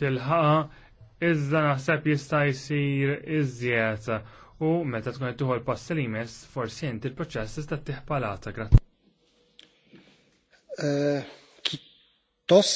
tilħaqa iżda naħseb jista' jsir iżjed u meta tkun qed tuħol pass li jmiss forsi inti l-proċess tista' ttieħ palata. Eh, Tos